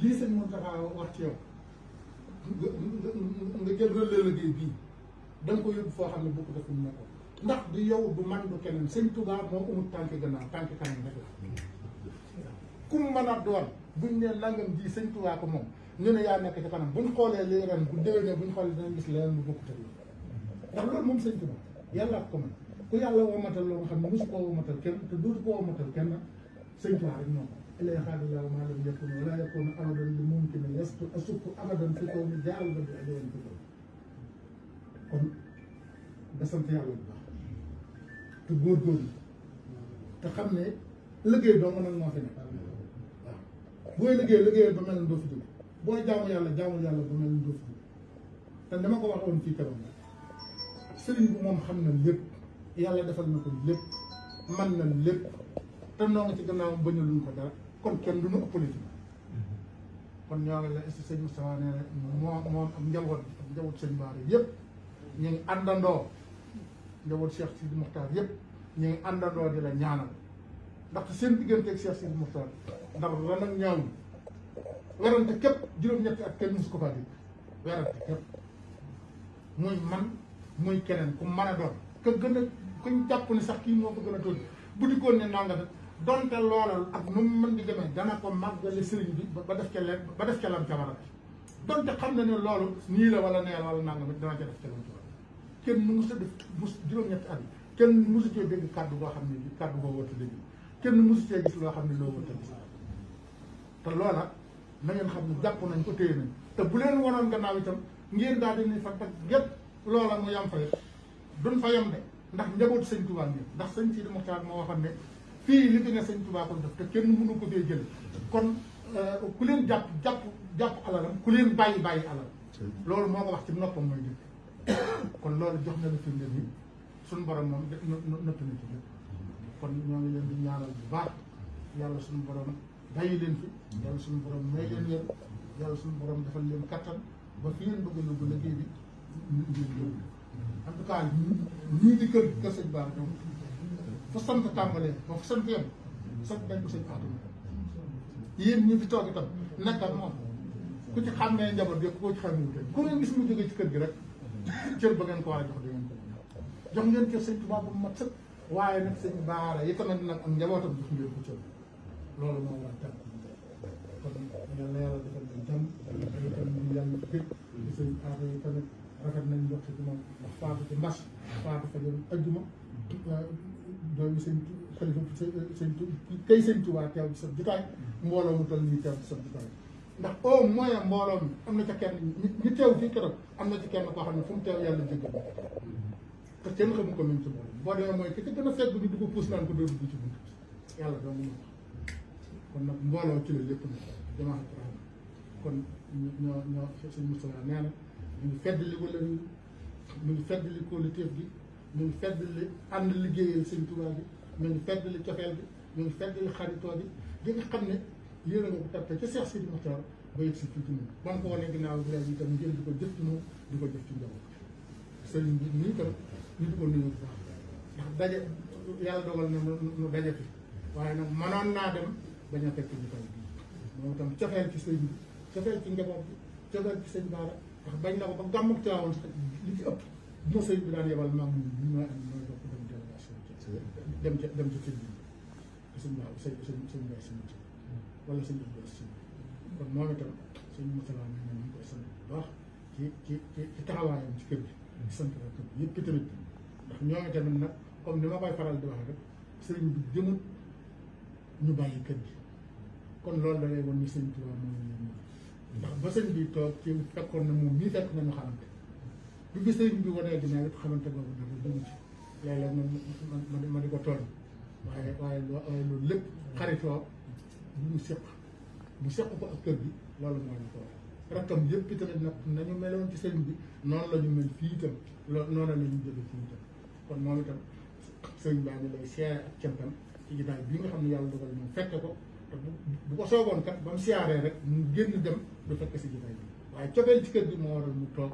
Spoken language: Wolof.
lii sëñ Moustapha wax nga jël relais liggéey bii da ko yóbbu foo xam ne bokk def mu nekkoon ndax di yow du man du keneen sëñ Touba tànk gannaaw tànk kanam rek la kum mën a doon buñ langam ji sëñ Touba ko moom ñu yaa nekk ci kanam buñ xoolee li ren bu déwénee buñ xoolee dinañ gis leneen lu bokkut ak ndax loolu moom sëñ Touba yàlla ko mën ku yàlla womatal loo xam ne mosu kenn te dootu koo womatal kenn sëñ Touba rek ñoo إلى هذا الله ما لم يكن ولا يكون أبدا لممكن لست أشك أبدا في كون جاء البدء إليه في كون kon desante yàlla bu baax te góorgóorlu te xam ne liggéey doo mën a moo fi nekk waaw booy liggéey liggéeyal ba mel ni fi jóg booy jaamu yàlla jaamu yàlla ba mel ni fi jóg te dama ko waxoon fii keroog sëriñ bi moom xam na lépp yàlla defal na ko lépp man na lépp te noo ngi ci gannaawam bañaluñ ko dara kon kenn du ñu mhm. kon ñoo ngi la si seigne Moustapha ne mo mo moom am Anda am njaboot sëñ Baara yëpp ngi andando njaboot Cheikh Sidi Mokhtar yëpp ñi ngi andando di la ñaanal ndax seen ak Cheikh Sidi Mokhtar ndax lan ak ñaawul werante kep juroom ñet ak kenn mosu ko faa dégg werante kep muy man muy keneen ku mëna a doon ka gën a kañ jàpp sax ki mo ko gën doon bu dikkoon ne nangata donte loolal ak nu mu mën di demee dana ko màggale sëriñ bi ba def ca leen ba def ca lam ca war a donte xam na ne loolu nii la wala neel wala nangam it dana ca def ca lam ca war kenn mu musa def mus juróom-ñetti at yi kenn musu cee dégg kàddu boo xam ne bi kàddu boo wóote dégg kenn musu cee gis loo xam ne loo wóote gis te loola na ngeen xam ne jàpp nañ ko téye nañ te bu leen wanoon gannaaw itam ngeen daal di ne fa teg gépp loola mu yam fa duñ fa yam de ndax njaboot sëñ Tuubaa ngeen ndax sëñ Sidi Muxtaar moo waxoon ne fii li fi ne sëñ Tuubaa kon def te kenn mënu ko fee jël kon euh, ku leen jàpp jàpp jàpp alalam ku leen bàyyi bàyyi alal loolu moo ko wax ci noppam mooy dëgg kon lool jox na la firnde ni suñu borom moom nopp na ci lépp kon ñoo ngi leen di ñaanal bu baax yàlla suñu borom bàyyi leen fi yàlla suñu borom may leen yéen yàlla suñu borom defal leen kattan ba fi ngeen bëgg a yóbbu liggéey bi ñu ngeen yóbbu en tout cas fa sant tàmbalee ba fa sant yem sant dañ ko sëñ Fatou yéen ñu fi toog itam nekkal moom ku ci xam ne njaboot yëpp koo ci xam ne wute ku ngeen gis mu jógee ci kër gi rek cër ba ngeen ko war a jox di ngeen ko jox ngeen kër sëñ Tuubaa bu mat waaye nag sëñ Baara yi tamit nag am njabootam jox ngeen loolu moo war a na yàlla defal leen jàmm itam ñu yàlla dégg di sëñ aada yi tamit rafet nañ jox ci moom ndax faatu ci mbas faatu fa jël ajjuma doomi sëñ xalifa sëñ eh, tey sëñ Tuubaa teew ci sa jotaay mbooloo mu toll nii teew ci sa jotaay ndax au moins mbooloo mi am na ca kenn ñu teew fii keroog am na ci kenn koo xam ne fu mu yàlla jëgg ko te kenn xamu ko même ci mbooloo boo demee mooy ki ci gën a fekk bi di ko ko doo dugg ci bunt yàlla doo kon nag mbooloo ci la lépp na jamaa kon ñoo ñoo sëñ Moustapha nee na ñu ngi fedd li wala ñu ngi fedd li ñu ngi feddali ànd liggéeyal sëñ Tuubaa bi ñu ngi feddali cofeel bi ñu ngi feddali xaritoo bi di nga xam ne yéen a nga ko toppee ca Seex Sidi Muxtaar ba yegg si fii ci moom ba mu ko wane ginnaaw bi léegi itam ngeen di ko jëf ci moom di ko jëf ci njaboot sëriñ bi nii itam ñu di ko nuyu bu baax ndax daje yàlla dogal na nu daje fi waaye nag mënoon naa dem bañ a fekk ñu koy bii moom itam cofeel ci sëriñ bi cofeel ci njaboot bi cofeel ci sëñ Baara ndax bañ na ko ba gàmmuk Tiwaawan sax li ci ëpp bu ma sëñ bi daan yebal maam moom ñu mën bokk dem délégation dem ca dem ca kër gi sëñ Ba sëñ sëñ sëñ Ba sëñ sëñ Abdou si kon moom itam sëñ Moutala mi ngi koy sant ci ci ci ci kër gi. di sant la kër gi yëpp tamit ndax ñoo ngi tamit comme ni ma koy faral di wax rek sëriñ bi jëmut ñu bàyyi kër gi kon loolu da ngay wan ni sëñ ñu ndax ba sëñ bi toog ci na moom mii fekk na bi bi bi wane dinaa yëpp xamante boobu dama dugg ci léeg ma di ko toll waaye waaye waaye loolu lépp xaritoo bu ñu séq bu séq ko ak kër gi loolu moo ñu ko war rakkam yëpp itamit nag nañu meloon ci sëriñ bi noonu la ñu mel fii itam loolu noonu la jóge fii itam kon moom itam sëriñ baa ngi lay seere ak cantam ci ginnaaw bii nga xam ne yàlla dogal moom fekk ko te bu ko soogoon kat ba siyaaree rek mu génn dem du fekk si jotaay bi waaye cofeel ci kër gi moo waral mu toog